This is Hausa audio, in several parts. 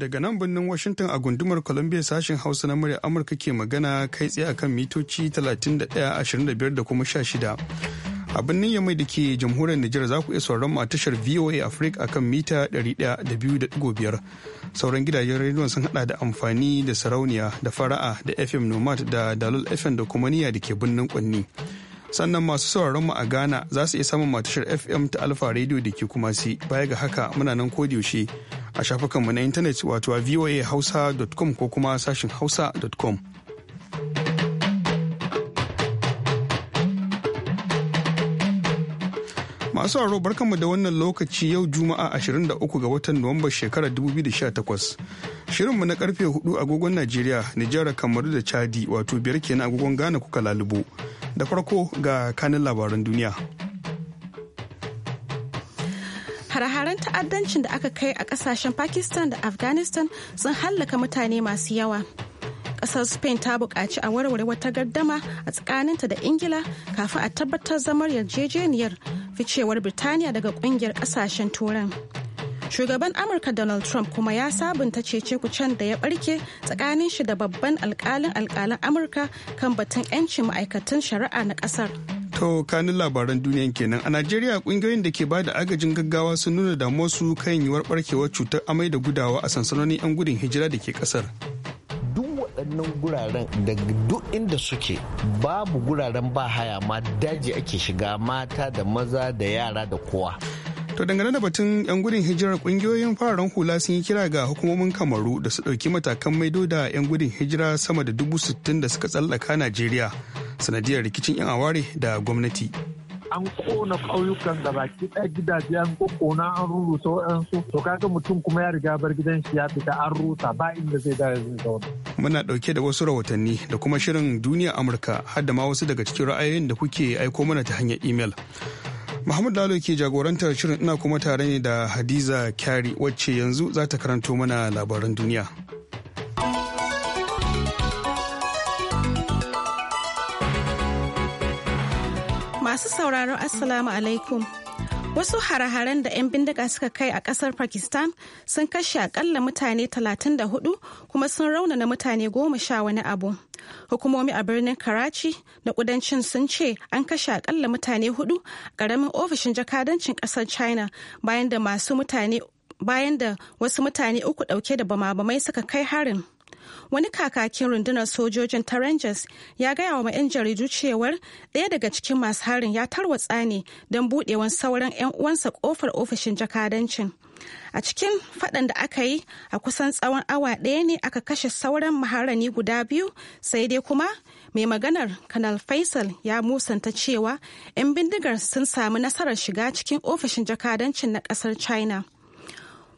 daga nan birnin Washington a gundumar Columbia sashen Hausa na murya Amurka ke magana kai tsaye akan mitoci 31.25 da kuma 16. A birnin Yamai da ke jamhuriyar Nijar za ku iya sauran a tashar VOA Africa akan mita 100.5. Sauran gidajen rediyon sun hada da amfani da sarauniya da fara'a da FM Nomad da Dalol FM da kuma niyya da ke birnin Kwanni. sannan masu sauraron mu a Ghana za su iya samun matashar FM ta Alfa Radio da ke kuma si baya ga haka muna nan ko yaushe a mu na intanet wato a voahausa.com ko kuma sashin hausa.com. Masu sauraro barkanmu da wannan lokaci yau Juma'a 23 ga watan Nuwambar shekarar 2018. Shirinmu na karfe 4 agogon Najeriya, Nijar, Kamaru da Chadi wato biyar kenan agogon Ghana kuka lalubo. da farko ga kanin labaran duniya hare-haren ta'addancin da aka kai a kasashen pakistan da afghanistan sun hallaka mutane masu yawa ƙasar spain ta buƙaci a warware wata gardama a tsakaninta da ingila kafin a tabbatar zamar yarjejeniyar ficewar birtaniya daga ƙungiyar ƙasashen turan shugaban amurka donald trump kuma ya sabunta cece kucen da ya barke tsakanin shi da babban alkalin alkalin amurka kan batun 'yancin ma'aikatan shari'a na kasar to kanin labaran duniyan kenan a najeriya kungiyoyin da ke ba da agajin gaggawa sun nuna su kan yiwuwar barkewar cutar amai da gudawa a sansanonin 'yan gudun hijira da ke kasar waɗannan guraren da duk inda suke babu guraren ba haya ma daji ake shiga mata da maza da yara da kowa To dangane da batun 'yan gudun hijirar kungiyoyin fararen hula sun yi kira ga hukumomin Kamaru da su ɗauki matakan maido da 'yan gudun hijira sama da dubu sittin da suka tsallaka Najeriya sanadiyar rikicin 'yan aware da gwamnati. An kona ƙauyukan da baki ɗaya gidaje an kona an rurusa waɗansu to kaga mutum kuma ya riga bar gidan shi ya fita an rusa ba inda zai dawo zai zauna. Muna ɗauke da wasu rahotanni da kuma shirin duniya Amurka har ma wasu daga cikin ra'ayoyin da kuke aiko mana ta hanyar imel. Muhammad Lalo ke jagorantar shirin ina kuma tare ne da Hadiza Kyari wacce yanzu za ta karanto mana labaran duniya. Masu sauraro Assalamu alaikum. Wasu hare-haren da 'yan bindiga suka kai a kasar Pakistan sun kashe akalla mutane 34 kuma sun raunana mutane goma sha wani abu. hukumomi a birnin karachi na kudancin sun ce an kashe akalla mutane hudu karamin ofishin jakadancin kasar china bayan da masu mutane bayan da wasu mutane uku dauke da bama-bamai suka kai harin wani kakakin rundunar sojojin ta rangers ya gaya wa 'yan jaridu cewar ɗaya daga cikin masu harin ya tarwatsa ne don buɗewan sauran 'yan uwansa kofar ofishin jakadancin a cikin faɗan da aka yi a kusan tsawon awa ɗaya ne aka kashe sauran maharani guda biyu sai dai kuma mai maganar kanal faisal ya musanta cewa 'yan bindigar sun sami nasarar shiga cikin ofishin jakadancin na ƙasar china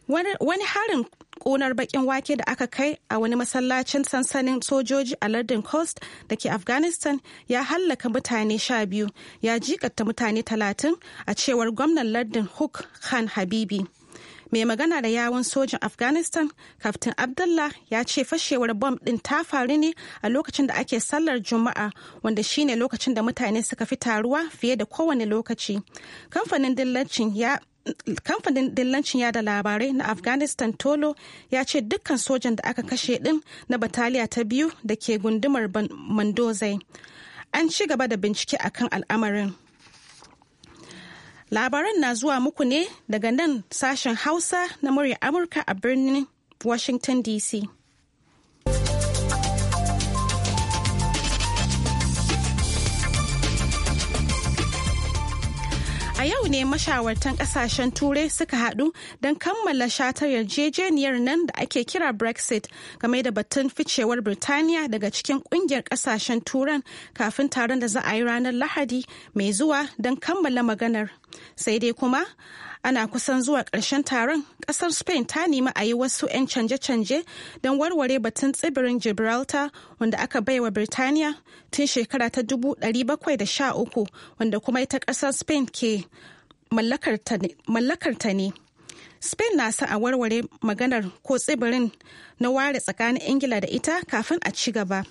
wani harin ƙunar bakin wake da aka kai a wani masallacin sansanin sojoji a lardin coast da ke afghanistan ya hallaka mutane sha biyu ya jikata mutane talatin a cewar gwamnan lardin hook khan habibi mai magana da yawon sojin afghanistan kaftin abdullah ya ce fashewar bom ɗin ta faru ne a lokacin da ake sallar juma'a wanda shine lokacin da mutane suka fi taruwa fiye da kowane lokaci kamfanin dillacin ya kamfanin dillancin yada labarai na afghanistan tolo ya ce dukkan sojan da aka kashe din na bataliya ta biyu da ke gundumar mandozai an ci gaba da bincike akan al'amarin Labaran na zuwa muku ne daga nan sashen Hausa na murya Amurka a birnin Washington DC. A yau ne mashawartan kasashen Turai suka haɗu don kammala shatar yarjejeniyar nan da ake kira Brexit game da batun ficewar Birtaniya daga cikin kungiyar kasashen Turan kafin taron da za a yi ranar Lahadi mai zuwa don kammala maganar. Sai dai kuma ana kusan zuwa ƙarshen taron ƙasar spain ta nemi a yi wasu 'yan canje-canje don warware batun tsibirin gibraltar wanda aka baiwa birtaniya tun shekara ta 1713 wanda kuma ita ƙasar spain ke mallakarta ne spain na sa a warware maganar ko tsibirin na ware tsakanin ingila da ita kafin a ci gaba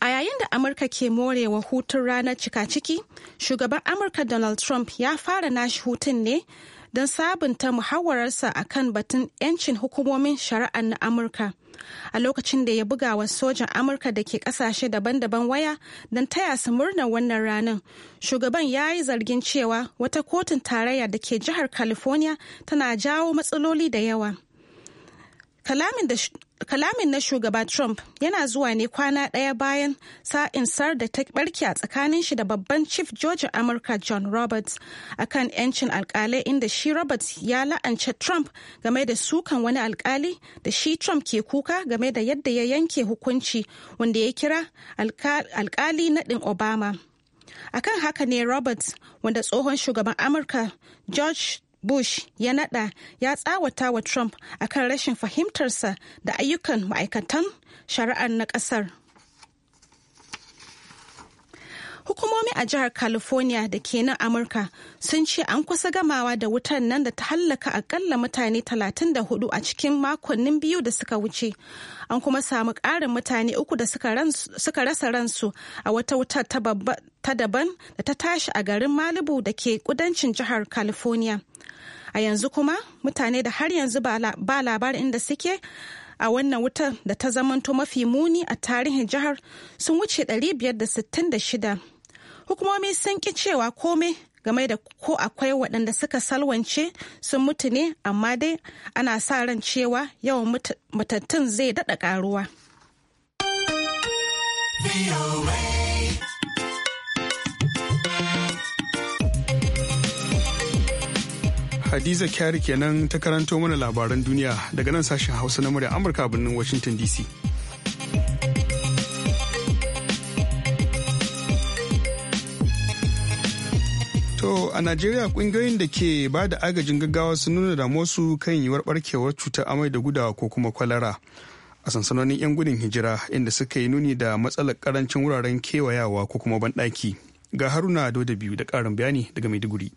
A yayin da Amurka ke morewa hutun ranar cika ciki, shugaban Amurka Donald Trump ya fara nashi hutun ne don sabunta muhawararsa a kan batun 'yancin hukumomin shari'ar na Amurka. A lokacin da ya buga wa sojan Amurka da ke kasashe daban-daban waya don taya su murnar wannan ranar, shugaban ya yi zargin cewa wata kotun tarayya da ke jihar California tana jawo matsaloli da yawa. Kalamin da kalamin na shugaba Trump yana zuwa ne kwana ɗaya bayan sa'in sar da ta ɓarke a tsakanin shi da babban Chief George Amurka John Roberts akan 'yancin alkalai inda shi Roberts ya la'ance Trump game da sukan wani alkali da shi Trump ke kuka game da yadda ya yanke hukunci wanda ya kira alkali naɗin Obama. akan haka ne Roberts wanda tsohon shugaban Amurka George Bush ya nada ya tsawata wa Trump akan rashin fahimtarsa da ayyukan ma'aikatan shari'ar na ƙasar. Hukumomi a jihar California da ke nan Amurka sun ce an kusa gamawa da wutar nan da ta hallaka akalla mutane 34 a cikin makonnin biyu da suka wuce. An kuma samu ƙarin mutane uku da suka rasa ransu a wata wutar ta daban da ta tashi a garin Malibu da ke kudancin jihar California. a yanzu kuma mutane da har yanzu ba labarin inda suke a wannan wutar da ta zamanto mafi muni a tarihin jihar sun wuce 566 hukumomi sun ki cewa komai game da ko akwai waɗanda suka salwance sun mutu ne amma dai ana sa ran cewa yawan matattun zai daɗa ƙaruwa. Hadiza Kyari kenan ta karanto mana labaran duniya daga nan sashen Hausa na murya Amurka birnin Washington DC. To a Najeriya kungiyoyin da ke ba da agajin gaggawa sun nuna da su kan yiwuwar barkewar cutar amai da gudawa ko kuma kwalara a sansanonin 'yan gudun hijira inda suka yi nuni da matsalar karancin wuraren kewayawa ko kuma banɗaki. Ga Haruna Dodo biyu da ƙarin bayani daga Maiduguri.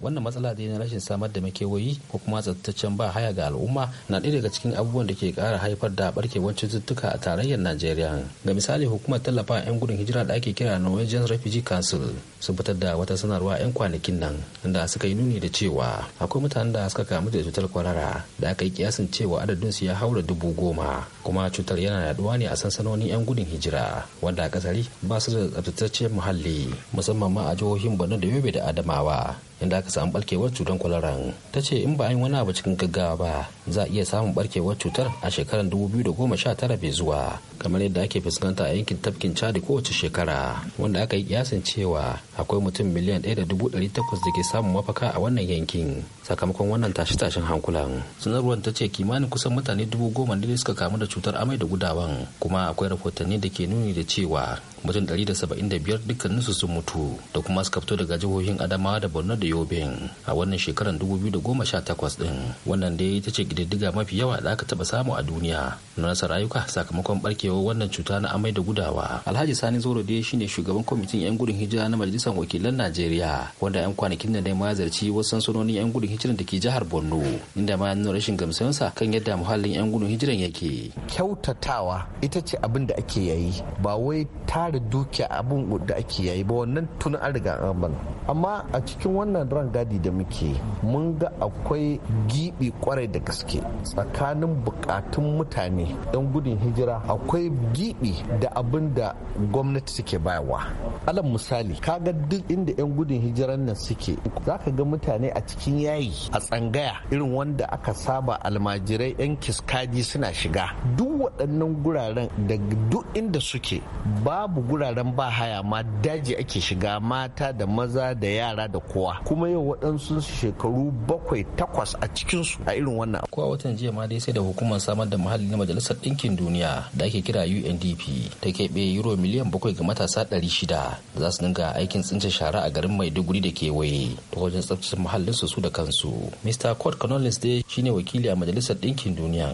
wannan matsala da na rashin samar da makewayi ko kuma tsattaccen ba haya ga al'umma na ɗaya daga cikin abubuwan da ke ƙara haifar da barkewar cututtuka a tarayyar najeriya ga misali hukumar tallafa 'yan gudun hijira da ake kira norwegian refugee council sun fitar da wata sanarwa 'yan kwanakin nan da suka yi nuni da cewa akwai mutanen da suka kamu da cutar kwarara da aka yi kiyasin cewa adadin su ya haura dubu goma kuma cutar yana yaduwa ne a sansanonin 'yan gudun hijira wanda a kasari ba su da tsabtataccen muhalli musamman ma a jihohin borno da yobe da adamawa inda aka samu barkewar cutar kwalara ta ce in ba a yi wani abu cikin gaggawa ba za a iya samun barkewar cutar a shekarar 2019 bai zuwa kamar yadda ake fuskanta a yankin tafkin chadi kowace shekara wanda aka yi kiyasin cewa akwai mutum miliyan 1.800 da ke samun mafaka a wannan yankin sakamakon wannan tashe-tashen hankulan sanarwar ta ce kimanin kusan mutane dubu goma ne suka kamu da cutar amai da gudawan kuma akwai rahotanni da ke nuni da cewa mutum 175 dukkaninsu sun mutu da kuma suka fito daga jihohin adamawa da borno da yobin a wannan shekarar 2018 din wannan da ita ce gididdiga mafi yawa da aka taba samu a duniya na nasa rayuka sakamakon barkewar wannan cuta na amai da gudawa alhaji sani zoro dai shine shugaban kwamitin yan gudun hijira na majalisar wakilan najeriya wanda yan kwanakin nan ne ma zarci wasu sansanonin yan gudun hijiran da ke jihar borno inda ma nuna rashin gamsansa kan yadda muhallin yan gudun hijiran yake kyautatawa ita ce abin da ake yayi ba wai ta kare dukiya abun da ake yayi ba wannan tun an riga an bana amma a cikin wannan rangadi da muke mun ga akwai gibi kwarai da gaske tsakanin bukatun mutane yan gudun hijira akwai gibi da abin da gwamnati suke bayarwa alal misali kaga duk inda yan gudun hijiran nan suke zaka ga mutane a cikin yayi a tsangaya irin wanda aka saba almajirai yan kiskaji suna shiga duk waɗannan guraren da duk inda suke babu babu guraren ba haya ma daji ake shiga mata da maza da yara da kowa kuma yau waɗansu shekaru bakwai takwas a cikinsu a irin wannan kowa watan jiya ma dai sai da hukumar samar da muhalli na majalisar ɗinkin duniya da ake kira UNDP ta keɓe euro miliyan bakwai ga matasa ɗari shida za su dinga aikin tsince shara a garin Maiduguri da kewaye ta wajen tsaftace muhallin su da kansu Mr. Kurt Connollis dai shine wakili a majalisar ɗinkin duniya.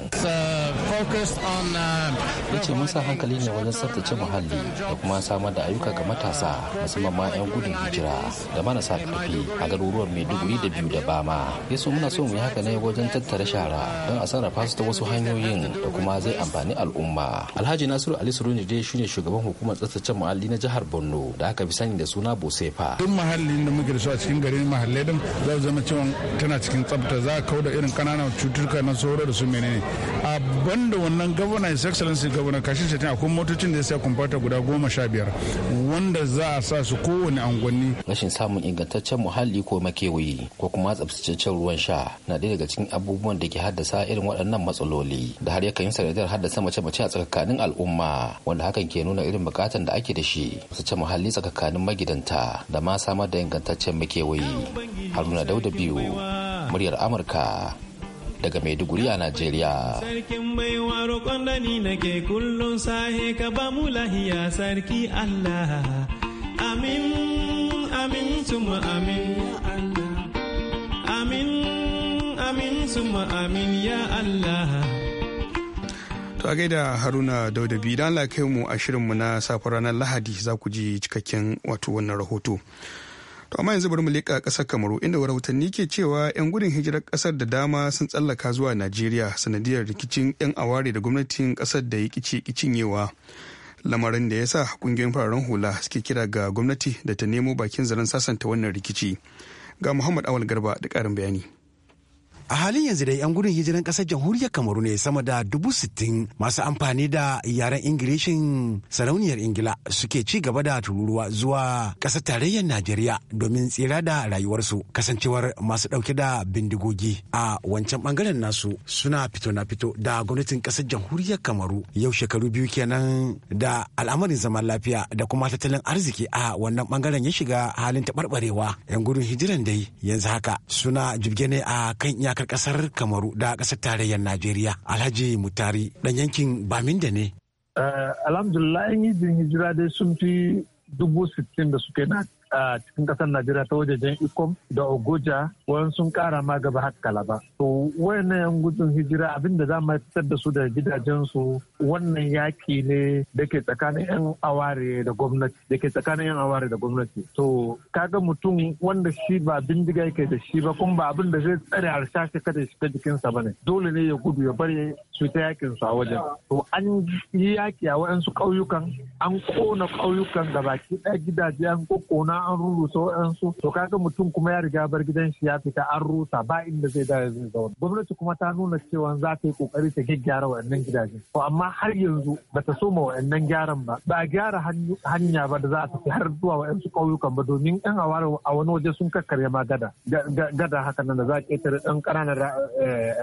Uh, ya ce mun sa hankali ne wajen tsaftace muhalli da kuma samar da ayyuka ga matasa musamman ma 'yan gudun hijira da marasa karfi a garuruwan maiduguri da biyu da bama ya so muna so mu yi haka ne wajen tattara shara don a sarrafa su ta wasu hanyoyin da kuma zai amfani al'umma alhaji nasiru ali suruni dai shine shugaban hukumar tsaftace muhalli na jihar borno da aka fi sani da suna bosefa duk muhallin da muke da su a cikin garin muhalli din za zama cewa tana cikin tsafta za a kauda irin kananan cututtuka na sauro da su menene a da wannan governor his excellency governor kashin shatin akwai motocin da ya sa kumfata guda goma sha biyar wanda za a sa su kowane angwanni rashin samun ingantaccen muhalli ko makewayi ko kuma tsabtacaccen ruwan sha na ɗaya daga cikin abubuwan da ke haddasa irin waɗannan matsaloli da har yakan yi sanadiyar haddasa mace-mace a tsakanin al'umma wanda hakan ke nuna irin bukatan da ake da shi tsabtace muhalli tsakanin magidanta da ma samar da ingantaccen makewayi haruna dauda biyu muryar amurka daga Maiduguri a Najeriya. Sarkin baiwa roƙon dani nake kullum sahe ka ba mu lahiya sarki Allah. Amin, amin, tuma amin, Allah. Amin, amin, tuma amin, ya Allah. To a gaida Haruna dauda don Allah kai mu a shirinmu na safar ranar Lahadi za ku ji cikakken wato wannan rahoto. To amma yanzu bari mu leƙa ƙasar Kamaru inda rahotanni ke cewa 'yan gudun hijirar ƙasar da dama sun tsallaka zuwa Najeriya sanadiyar rikicin 'yan aware da gwamnatin ƙasar da ya kici kicinyewa. Lamarin da ya sa kungiyoyin fararen hula suke kira ga gwamnati da ta nemo bakin zaren sasanta wannan rikici. Ga Muhammad Awal Garba da karin bayani. a halin yanzu dai yan gudun hijiran kasar jamhuriyar kamaru ne sama da dubu sittin masu amfani da yaren ingilishin sarauniyar ingila suke ci gaba da tururuwa zuwa kasar tarayyar najeriya domin tsira da rayuwarsu kasancewar masu dauke da bindigogi a wancan bangaren nasu suna fito na fito da gwamnatin kasar jamhuriyar kamaru yau shekaru biyu kenan da al'amarin zaman lafiya da kuma tattalin arziki a wannan bangaren ya shiga halin taɓarɓarewa yan gudun hijiran dai yanzu haka suna jibge ne a kan iyaka iyakar kasar kamaru da kasar tarayyar najeriya alhaji mutari dan yankin da ne eh, alhamdulillah yan hijira dai sun fi dubu sittin da suke na a cikin kasar Najeriya ta wajajen Ikom da Ogoja wani sun kara ma gaba har Kalaba. To wayannan yan gudun hijira abinda za mu fitar da su da gidajensu wannan yaki ne da ke tsakanin yan aware da gwamnati da ke tsakanin yan aware da gwamnati. To kaga mutum wanda shi ba bindiga yake da shi ba kuma ba abin da zai tsare harsashe kada shi ta jikinsa ba ne. Dole ne ya gudu ya bari su ta yakin su a wajen. To an yi yaki a waɗansu ƙauyukan an kona ƙauyukan da baki ɗaya gidaje an kokona nan an rurusa waɗansu to kaga mutum kuma ya riga bar gidan shi ya fita an rusa ba inda zai dawo zai zauna gwamnati kuma ta nuna cewa za ta yi kokari ta gyaggyara waɗannan gidaje to amma har yanzu ba ta soma waɗannan gyaran ba ba a gyara hanya ba da za a tafi har zuwa waɗansu ƙauyukan ba domin ɗan awara a wani waje sun kakkarya ma gada gada haka nan da za a ƙetare ɗan ƙananan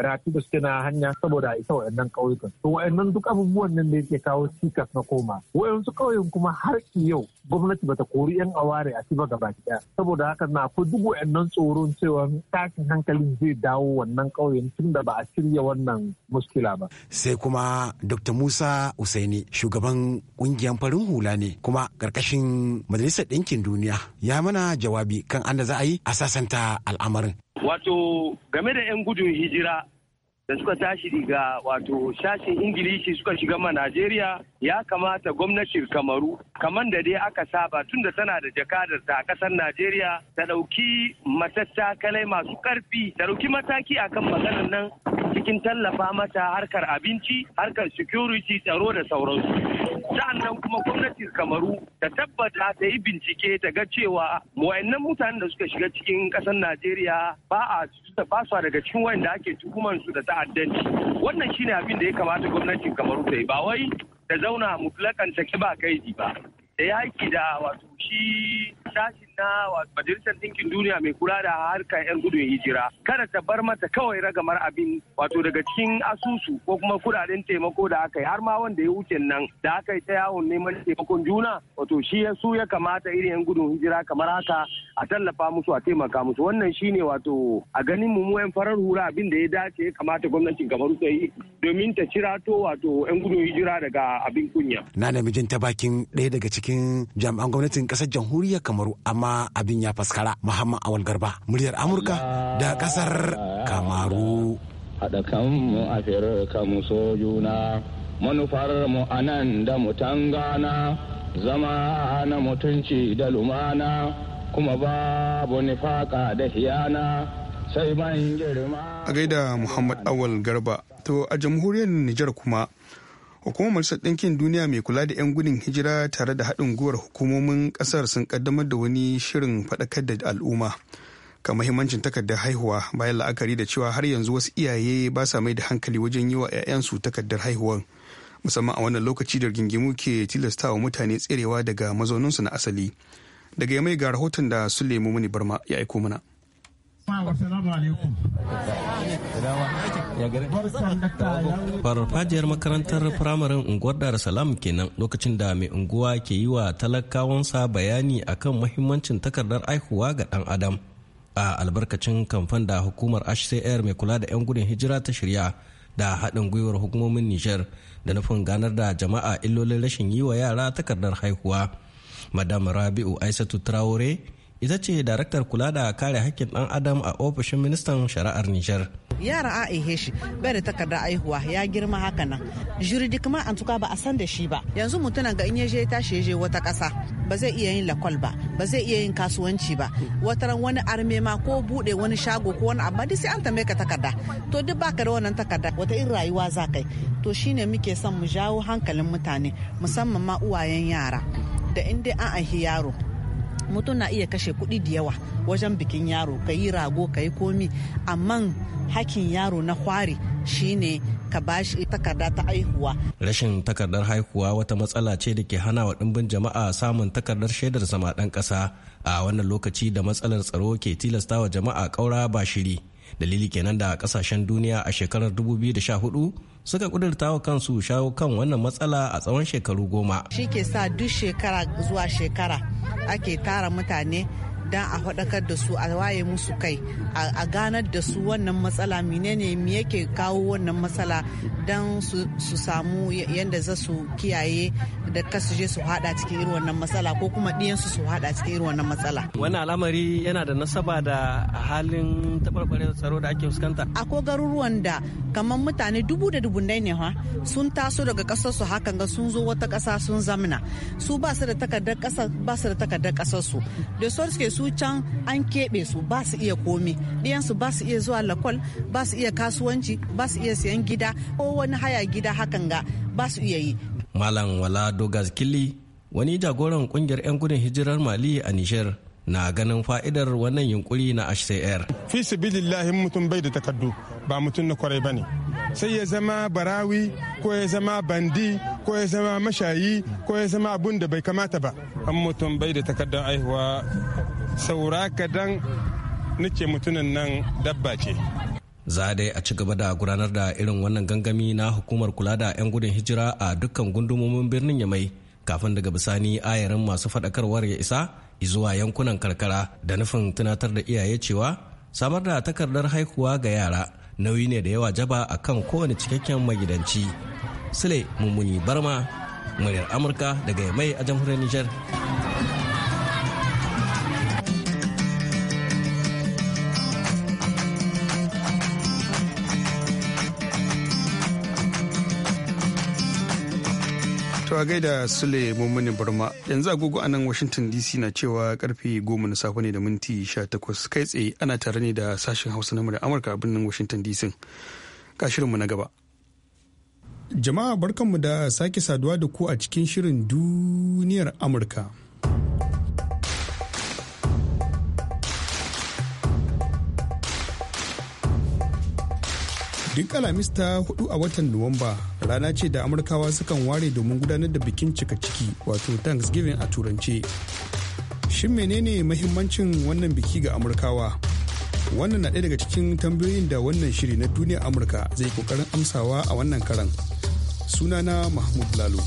rafi eh, da suke na hanya saboda a isa waɗannan ƙauyukan to waɗannan duk abubuwan nan da yake kawo cikas na koma waɗansu ƙauyen kuma har yau gwamnati bata kori yan aware a a ci ba gaba saboda haka na ku duk wayannan tsoron cewa tashin hankalin zai dawo wannan ƙauyen tun da ba a shirya wannan muskila ba sai kuma dr musa usaini shugaban ƙungiyar farin hula ne kuma karkashin majalisar ɗinkin duniya ya mana jawabi kan anda za a yi a sasanta al'amarin wato game da 'yan gudun hijira da suka tashi daga wato sashen ingilishi suka shiga ma najeriya ya kamata gwamnatin kamaru kamar da dai aka saba tun da tana da jakadar ta kasar najeriya ta ɗauki matattakalai masu karfi ta ɗauki mataki akan maganar nan cikin tallafa mata harkar abinci harkar security tsaro da sauransu sa'annan kuma gwamnatin kamaru ta tabbata ta yi bincike ta ga cewa wayannan mutanen da suka shiga cikin kasar najeriya ba a ba daga cikin wayanda ake tuhumar su da ta'addanci wannan shine abin da ya kamata gwamnatin kamaru ta yi ba wai ta zauna mutlakan ta ba ji ba da yaki da wato shi sashin na majalisar ɗinkin duniya mai kula da harkar 'yan gudun hijira kada ta bar mata kawai ragamar abin wato daga cikin asusu ko kuma kudaden taimako da aka yi har ma wanda ya wuce nan da aka yi ta yawon neman taimakon juna wato shi ya su ya kamata irin 'yan gudun hijira kamar haka a tallafa musu a taimaka musu wannan shine wato a ganin mu mu farar hura abin da ya dace ya kamata gwamnatin kamar ta yi domin ta to wato 'yan gudun hijira daga abin kunya. Na namijin ta bakin ɗaya daga cikin jami'an gwamnatin kasar jamhuriyar kamaru amma abin ya faskara muhammad awal garba muryar amurka da kasar kamaru haɗa kanmu a firar kamu so juna manufar mu anan da mutan gana zama na mutunci da lumana kuma babu nifaka da hiyana sai ban girma a gaida muhammad awal garba to a jamhuriyar nijar kuma hukumar majalisar ɗinkin duniya mai kula da 'yan gudun hijira tare da haɗin gwiwar hukumomin ƙasar sun ƙaddamar da wani shirin faɗakar da al'umma kan mahimmancin takardar haihuwa bayan la'akari da cewa har yanzu wasu iyaye ba sa mai da hankali wajen yi wa 'ya'yansu takardar haihuwar musamman a wannan lokaci da gingimu ke tilastawa mutane tserewa daga mazauninsu na asali daga yamai ga rahoton da lemu mini barma ya aiko mana Farfajiyar makarantar firamarin unguwar Dar Salam kenan lokacin da mai unguwa ke yi wa talakawansa bayani akan mahimmancin takardar aihuwa ga ɗan adam. A albarkacin kamfan da hukumar HCR mai kula da 'yan gudun hijira ta shirya da haɗin gwiwar hukumomin Nijar da nufin ganar da jama'a illolin rashin yi wa yara takardar haihuwa. Madam Rabi'u Aisatu Traore ita ce daraktar kula da kare hakkin ɗan adam a ofishin ministan shari'ar Nijar. Yara a ihe shi bai da takardar aihuwa ya girma haka nan. Juridik ma an tuka ba a san da shi ba. Yanzu mutumin ga in ya je tashi wata kasa ba zai iya yin lakwal ba ba zai iya yin kasuwanci ba wataran wani arme ma ko bude wani shago ko wani abu sai an tambaye ka takarda to duk baka da wannan takarda wata irin rayuwa za kai to shine muke son mu jawo hankalin mutane musamman ma uwayen yara da inda an aihi yaro mutum na iya kashe kuɗi da yawa wajen bikin yaro ka yi rago ka yi komi amma hakin yaro na kwari shine ka bashi takarda ta haihuwa. Rashin takardar haihuwa wata matsala ce da ke hana wa ɗimbin jama'a samun takardar shaidar zama ɗan ƙasa a wannan lokaci da matsalar tsaro ke tilastawa jama'a ƙaura ba shiri. Dalili kenan da ƙasashen duniya a shekarar 2014 suka kudurta wa kansu shawo kan wannan matsala a tsawon shekaru goma. Shi ke sa duk shekara zuwa shekara ake tara mutane Idan a faɗakar da su a waye musu kai a ganar da su wannan matsala menene me yake kawo wannan matsala don su samu yadda za su kiyaye da kasu je su haɗa cikin irin wannan matsala ko kuma ɗiyansu su haɗa cikin irin wannan matsala. Wannan al'amari yana da nasaba da halin taɓarɓarewar tsaro da ake fuskanta. Akwai garuruwan da kamar mutane dubu da dubu ne ha sun taso daga ƙasar su hakan ga sun zo wata ƙasa sun zamna su ba su da takardar ƙasar ba su da takardar ƙasar su da suke su su can an keɓe su ba su iya komi ɗiyansu ba su iya zuwa lakol ba su iya kasuwanci ba su iya siyan gida ko wani haya gida hakan ga ba su iya yi malam wala dogas kili wani jagoran kungiyar 'yan gudun hijirar mali a nishir na ganin fa'idar wannan yunkuri na HCR. fi sibilillahi mutum bai da takardu ba mutum na kwarai bane sai ya zama barawi ko ya zama bandi ko ya zama mashayi ko ya zama abun da bai kamata ba an mutum bai da takardar aihuwa saura kadan nake mutumin nan dabba ce za dai a ci gaba da gudanar da irin wannan gangami na hukumar kula da 'yan gudun hijira a dukkan gundumomin birnin ya mai kafin daga bisani ayarin masu faɗakarwar ya isa zuwa yankunan karkara da nufin tunatar da iyaye cewa samar da takardar haihuwa ga yara nauyi ne da yawa jaba a kan kowane cikakken magidanci sule mummuni barma muryar amurka daga mai a jamhuriyar nijar a gaida Sule Mummuni Burma yanzu agogo a nan Washington DC na cewa karfe goma na safe ne da minti 18 kai tsaye ana tare ne da sashen Hausa na Amurka a birnin Washington DC. Ga shirinmu na gaba. Jama'a barkanmu da sake saduwa da ku a cikin shirin duniyar Amurka. duk alamista hudu a watan nuwamba rana ce da amurkawa sukan ware domin gudanar da bikin cika ciki wato thanksgiving a turance shin menene mahimmancin wannan biki ga amurkawa wannan na ɗaya daga cikin tambayoyin da wannan shiri na duniya amurka zai kokarin amsawa a wannan karan sunana mahmud lalo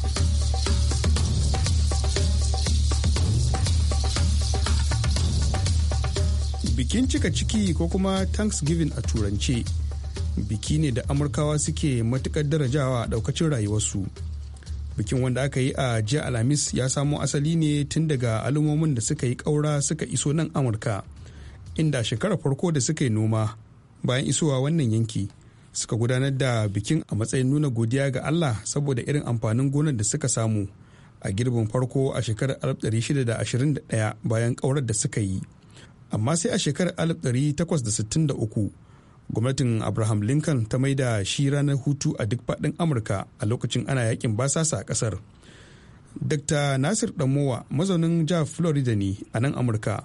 bikin cika ciki ko kuma thanksgiving a turance biki ne da amurkawa suke matukar darajawa a daukacin rayuwarsu bikin wanda aka yi a jiya alhamis ya samo asali ne tun daga alumomin da suka yi kaura suka iso nan amurka inda shekarar farko da suka yi noma bayan isowa wannan yanki suka gudanar da bikin a matsayin nuna godiya ga allah saboda irin amfanin gonar da suka samu a girbin farko a shekarar 1621 bayan kaurar da suka yi amma sai a shekarar 1863 gwamnatin abraham lincoln ta maida shi ranar hutu a duk faɗin amurka a lokacin ana yakin basasa a kasar dr nasir damowa mazaunin jihar florida ne a nan amurka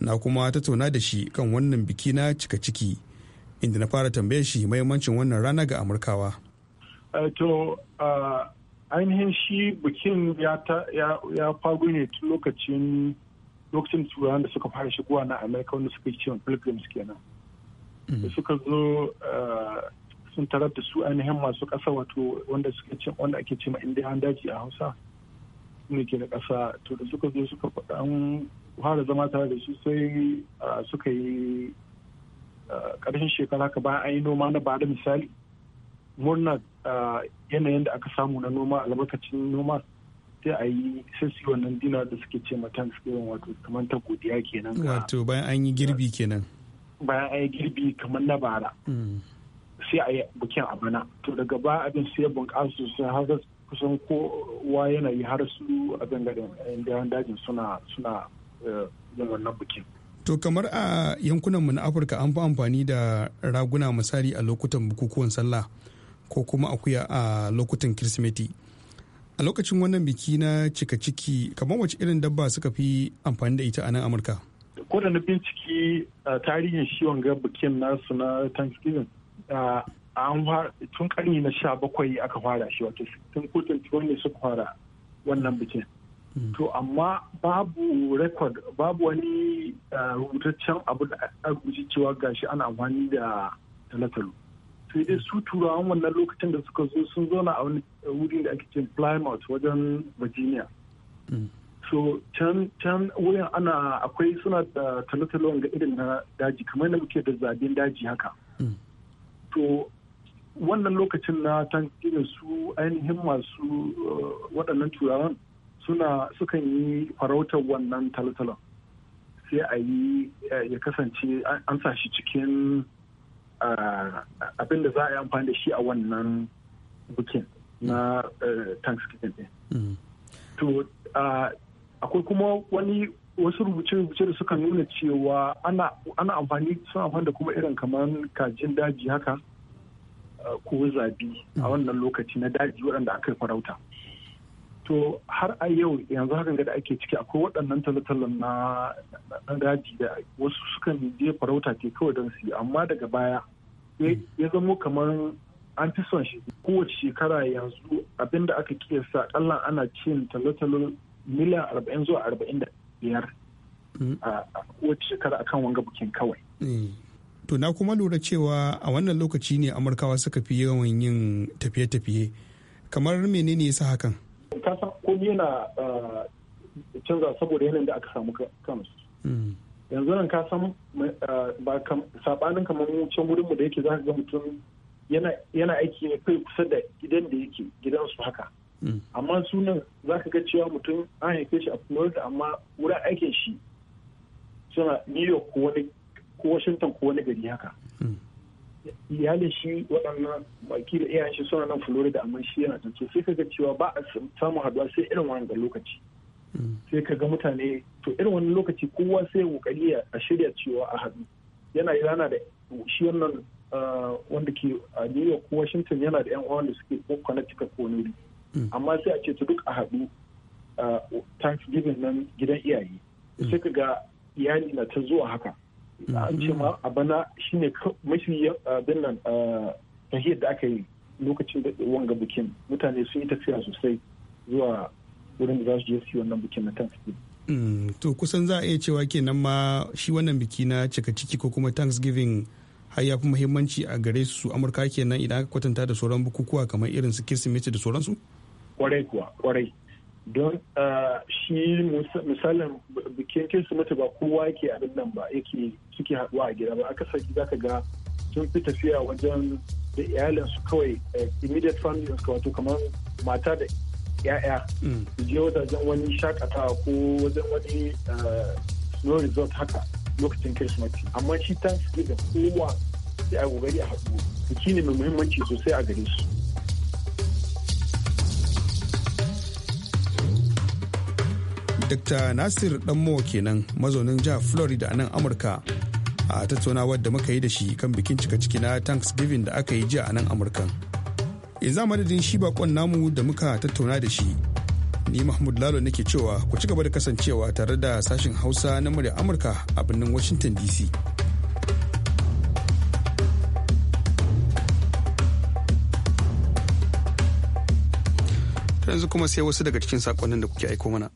na kuma tattauna da shi kan wannan biki na cika ciki inda na fara tambayar shi mahimmancin wannan rana ga amurkawa eh, to ainihin shi bikin ya fago ne tun lokacin lokacin da suka fara shigowa na amurka wanda suka yi cewa pilgrims kenan da mm-hmm. suka zo eh, sun tarar da su ainihin masu ƙasa wato wanda suka ce wanda ake cewa ma an daji a hausa ne ke da ƙasa to da suka zo suka faɗa an fara zama tare da su sai eh, suka yi eh, ƙarshen shekara ka bayan an yi noma na ba da misali murna yanayin da aka samu na noma albarkacin noma sai a yi sassi wannan dina da suke ce matan suke wato kamar ta godiya kenan wato bayan an yi girbi kenan bayan an yi girbi kamar na bara mm. sai a yi bukin a bana to daga ba abin sai bunƙasa sosai har kusan kowa yana yi har su abin gadin yan dajin suna suna eh, yin wannan bukin to kamar a yankunan mu na afirka an fi amfani da raguna misali a lokutan bukukuwan sallah ko kuma akuya a lokutan kirsimeti a lokacin wannan biki na cika ciki kamar wace irin dabba suka fi amfani da ita a nan amurka ko da na binciki uh, tarihin shi wanga bikin nasu na thanksgiving uh, tun karni na sha bakwai aka fara shi wato tun kotun ne suka fara wannan bikin hmm. to amma babu record babu wani uh, rubutaccen abu da a guji cewa gashi ana amfani da talatalo sai dai su turawan wannan lokacin da suka zo sun zo na a wani wuri da ake ce plymouth wajen virginia hmm. so can can wuyan ana akwai suna da talotalo ga irin na daji kamar na muke da zabin daji haka mm. to wannan lokacin na tan irin su ainihin masu uh, waɗannan turawan suna sukan yi farautar wannan talotalon sai a yi eh, ya kasance an sa shi cikin uh, abin da za a yi amfani da shi a wannan bukin na mm. eh, thanksgiving mm. to uh, akwai kuma wani wasu rubuce-rubuce da suka nuna cewa ana amfani sun amfani da kuma irin kamar kajin daji haka eh, ko zabi a hmm. wannan lokaci na daji waɗanda aka farauta to har a yau yanzu hakan da ake ciki akwai waɗannan talotalon na daji da wasu sukan je farauta ke kawai don su amma daga baya ya hmm. zamo kamar an fi son shi kowace shekara yanzu abinda aka kiyasta akalla ana cin talotalon. miliyan arba'in zuwa arba'in da biyar mm. a kowace shekara akan wanga bukin kawai. Mm. To na kuma lura cewa a wannan lokaci ne Amurkawa suka fi yawan yin tafiye-tafiye. Kamar menene ya sa hakan? Ka san komi yana canza saboda yanayin da aka samu kansu. Mm. Yanzu nan ka san ba sabanin kamar can wurinmu da yake za ka ga mutum yana aiki ne kai kusa da gidan da yake gidan su haka. amma sunan za ka ga cewa mutum an haife shi a florida amma wurin aikin shi suna new york ko wani ko washington ko wani gari haka iyalin shi waɗannan baki da iyayen shi suna nan florida amma shi yana can sai ka ga cewa ba a samun haduwa sai irin wannan lokaci sai ka ga mutane to irin wani lokaci kowa sai kokari a shirya cewa a haɗu yana rana da shi wannan ah, wanda ke a new york washington yana da yan uwan da suke ko connecticut ko york Mm. amma sai a ce su duk a haɗu thanksgiving nan gidan iyaye mm. sai ka ga iyali na ta zuwa haka mm. an ce ma a bana shine mafi abin nan tahiyar da aka yi lokacin da wanga bikin mutane sun yi tafiya sosai zuwa wurin da za su je su yi wannan bikin na thanksgiving to kusan za a iya cewa kenan ma shi wannan biki na cika ciki ko kuma thanksgiving har ya fi muhimmanci a gare su amurka kenan idan aka kwatanta da sauran bukukuwa kamar irin su kirsimeti da sauransu? su kwarai kuwa kwarai don ah, shi misalin bikin kirsimeti ba kowa yake abin nan ba yake suke haɗuwa a gida ba aka za zaka ga sun fi tafiya wajen da iyalinsu kawai eh, immediate family su wato kamar mata da ya'ya mm. su je wajen wani shakatawa ko wajen wani ah, snow resort haka lokacin kirsimeti amma shi ta da kowa sai a gogari a haɗu biki ne mai muhimmanci sosai a gare su dr nasir danmo kenan mazaunin jihar florida a nan amurka a tattauna wadda muka yi da shi kan bikin cika ciki na thanksgiving da aka yi jiya a nan amurka yanzu madadin shi bakon namu da muka tattauna da shi ni mahmud lalo nake cewa ku ci gaba da kasancewa tare da sashen hausa na murya amurka a birnin washington dc yanzu kuma sai wasu daga cikin sakonnin da kuke aiko mana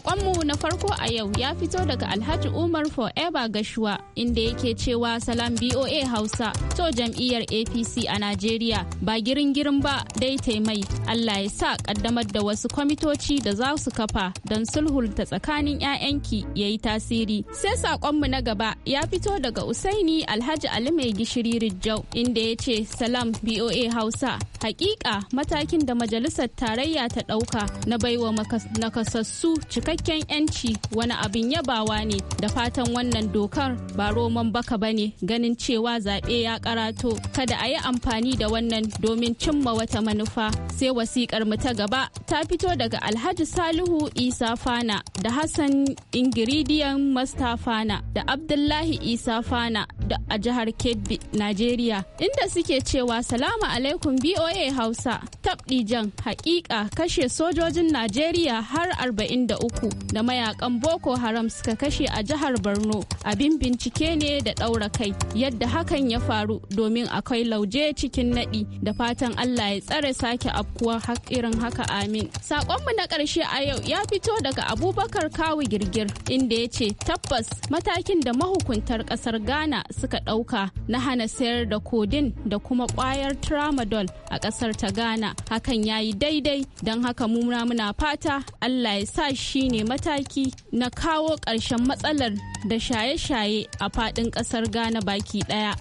Sakonmu na farko a yau ya fito daga Alhaji Umar Forever Gashuwa inda yake cewa salam BOA Hausa to jam'iyyar APC a Najeriya ba girin-girin ba dai taimai Allah ya sa kaddamar da wasu kwamitoci da za su kafa don sulhulta tsakanin 'ya'yanki yayi tasiri. Sai sakonmu na gaba ya fito daga Usaini Alhaji Ali Mai Gishiri Rijau inda yace salam BOA Hausa hakika matakin da majalisar tarayya ta ɗauka na baiwa nakasassu cika cikakken 'yanci wani abin yabawa ne da fatan wannan dokar ba roman baka ba ne ganin cewa zaɓe ya karato kada a yi amfani da wannan domin cimma wata manufa sai wasiƙar mu ta gaba ta fito daga alhaji salihu isa fana da hassan ingridian masta fana da abdullahi isa fana da a jihar kebbi nigeria inda suke cewa salamu alaikum boa hausa tabdijan haƙiƙa kashe sojojin najeriya har 43 uku da mayakan boko haram suka kashe a jihar borno abin bincike ne da ɗaura kai yadda hakan ya faru domin akwai lauje cikin naɗi da fatan allah ya tsare sake abkuwa irin haka amin saƙonmu na ƙarshe a yau ya fito daga abubakar kawu girgir inda ya ce tabbas matakin da mahukuntar ƙasar ghana suka ɗauka na hana sayar da kodin da kuma ƙwayar tramadol a ƙasar ta ghana hakan ya yi daidai don haka mu muna fata allah ya sa shi shine mataki na kawo ƙarshen matsalar da shaye-shaye a faɗin ƙasar Ghana baki ɗaya.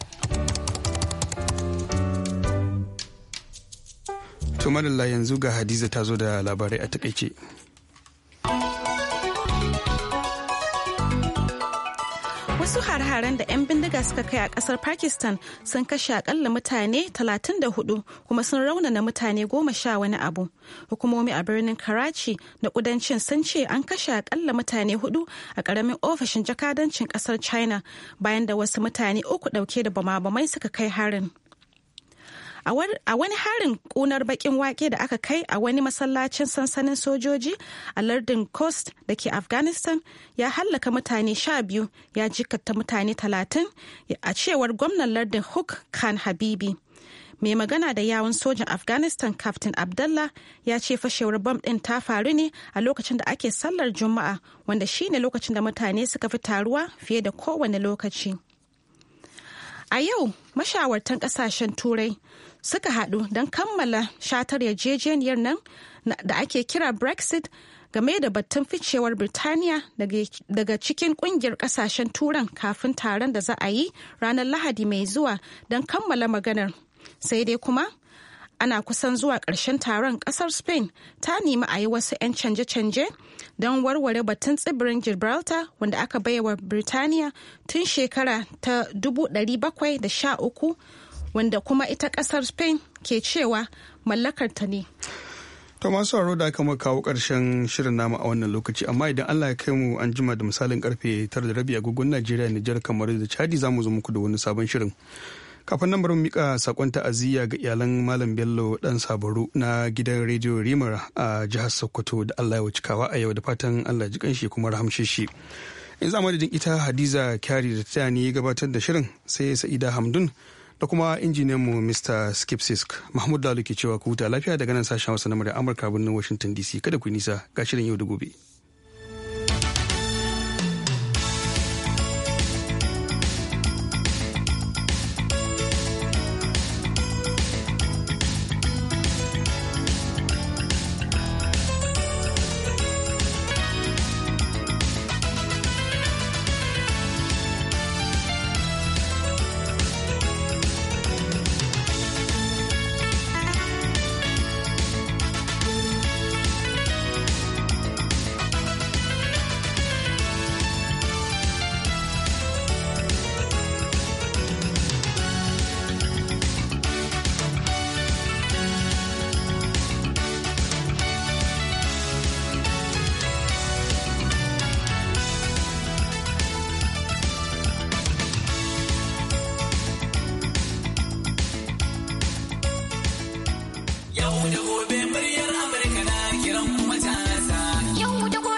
To yanzu ga Hadiza ta zo da labarai a takaice. Wasu har-haren da 'yan bindiga suka kai a kasar Pakistan sun kashe akalla mutane 34 kuma sun raunana mutane goma sha wani abu. Hukumomi a birnin Karachi da kudancin sun ce an kashe akalla mutane hudu a karamin ofishin jakadancin kasar China bayan da wasu mutane uku dauke da bama-bamai suka kai harin. A wani harin ƙunar bakin wake da aka kai a wani masallacin sansanin sojoji a lardin Coast da ke Afghanistan ya hallaka mutane sha biyu ya jikata mutane talatin a cewar gwamnan lardin Hook Khan Habibi. Mai magana da yawun sojan Afghanistan Captain Abdullah ya ce fashewar bom ɗin ta faru ne a lokacin da ake sallar Juma'a wanda shine lokacin da mutane suka fi taruwa fiye da kowane lokaci. A yau mashawartan ƙasashen Turai suka haɗu don kammala shatar yarjejeniyar nan da ake kira brexit game da batun ficewar birtaniya daga cikin kungiyar kasashen turan kafin taron da za a yi ranar lahadi mai zuwa don kammala maganar sai dai kuma ana kusan zuwa ƙarshen taron ƙasar spain ta nemi a yi wasu 'yan canje-canje don warware batun tsibirin gibraltar wanda aka baiwa birtaniya tun shekara ta 1713 wanda kuma ita kasar spain ke cewa mallakarta ne to masu da aka kawo karshen shirin nama a wannan lokaci amma idan allah ya kai mu an jima da misalin karfe tara da rabi agogon najeriya nijar kamar da chadi za mu zo muku da wani sabon shirin kafin nan bari mu mika sakon ta'aziyya ga iyalan malam bello dan sabaru na gidan rediyo rimar a jihar sokoto da allah ya kawa a yau da fatan allah ji kanshi kuma rahamshe shi in za mu ita hadiza kyari da ta ne gabatar da shirin sai sa'ida hamdun da kuma injiniyan mu Mr. skipsisk Mahmud Lalu ke cewa ku huta lafiya daga nan sashen Hausa na Amurka birnin Washington DC kada ku nisa ga shirin yau da gobe.